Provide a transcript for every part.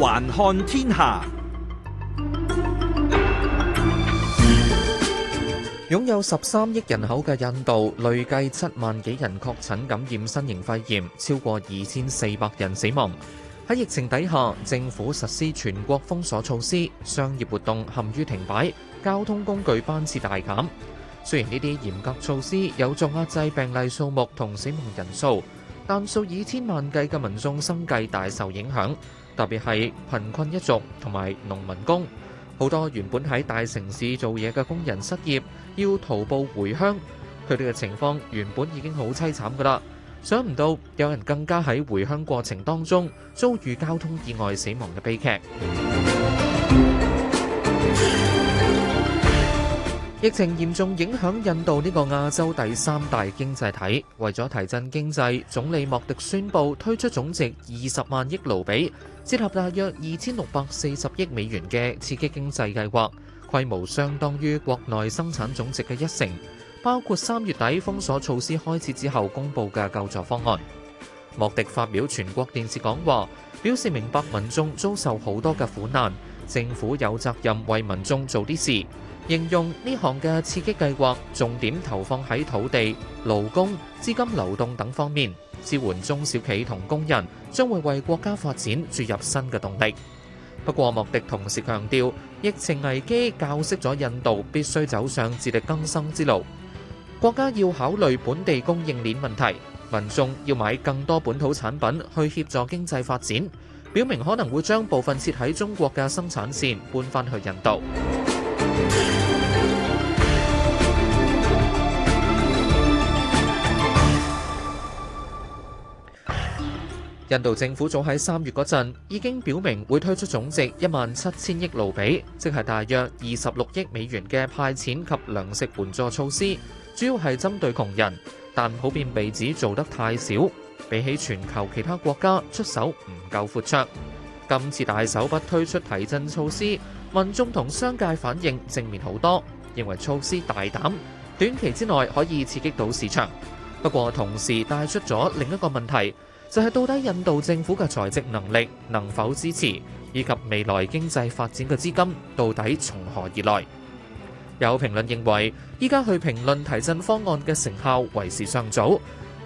環看天下，擁有十三億人口嘅印度，累計七萬幾人確診感染新型肺炎，超過二千四百人死亡。喺疫情底下，政府實施全國封鎖措施，商業活動陷於停擺，交通工具班次大減。雖然呢啲嚴格措施有助壓制病例數目同死亡人數，但數以千萬計嘅民眾生計大受影響。特別係貧困一族同埋農民工，好多原本喺大城市做嘢嘅工人失業，要徒步回鄉。佢哋嘅情況原本已經好凄慘㗎喇，想唔到有人更加喺回鄉過程當中遭遇交通意外死亡嘅悲劇。 疫情嚴重影響印度呢個亞洲第三大經濟體，為咗提振經濟，總理莫迪宣布推出總值二十萬億盧比、折合大約二千六百四十億美元嘅刺激經濟計劃，規模相當於國內生產總值嘅一成，包括三月底封鎖措施開始之後公布嘅救助方案。莫迪發表全國電視講話，表示明白民眾遭受好多嘅苦難。政府有責任為民眾做啲事，形容呢項嘅刺激計劃重點投放喺土地、勞工、資金流動等方面，支援中小企同工人，將會為國家發展注入新嘅動力。不過，莫迪同時強調，疫情危機教識咗印度必須走上自力更生之路，國家要考慮本地供應鏈問題，民眾要買更多本土產品去協助經濟發展。表明可能會將部分設喺中國嘅生產線搬翻去印度。印度政府早喺三月嗰陣已經表明會推出總值一萬七千億盧比，即係大約二十六億美元嘅派錢及糧食援助措施，主要係針對窮人，但普遍被指做得太少。比起全球其他國家出手唔夠闊綽，今次大手筆推出提振措施，民眾同商界反應正面好多，認為措施大膽，短期之內可以刺激到市場。不過同時帶出咗另一個問題，就係、是、到底印度政府嘅財政能力能否支持，以及未來經濟發展嘅資金到底從何而來？有評論認為，依家去評論提振方案嘅成效為時尚早。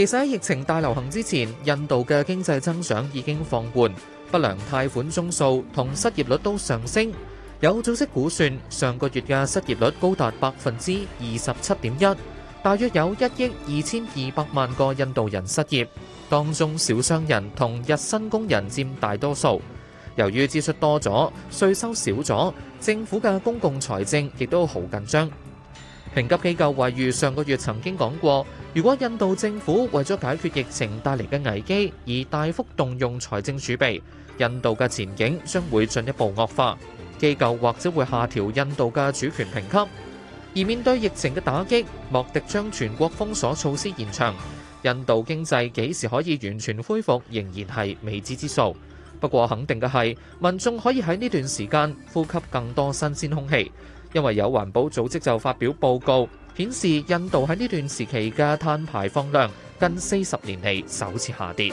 其實在疫情大流行之前，印度嘅經濟增長已經放緩，不良貸款宗數同失業率都上升。有組織估算上個月嘅失業率高達百分之二十七點一，大約有一億二千二百萬個印度人失業，當中小商人同日薪工人占大多數。由於支出多咗稅收少咗，政府嘅公共財政亦都好緊張。評級機構惠譽上個月曾經講過，如果印度政府為咗解決疫情帶嚟嘅危機而大幅動用財政儲備，印度嘅前景將會進一步惡化。機構或者會下調印度嘅主權評級。而面對疫情嘅打擊，莫迪將全國封鎖措施延長，印度經濟幾時可以完全恢復仍然係未知之數。不過肯定嘅係，民眾可以喺呢段時間呼吸更多新鮮空氣。因為有環保組織就發表報告，顯示印度喺呢段時期嘅碳排放量近四十年嚟首次下跌。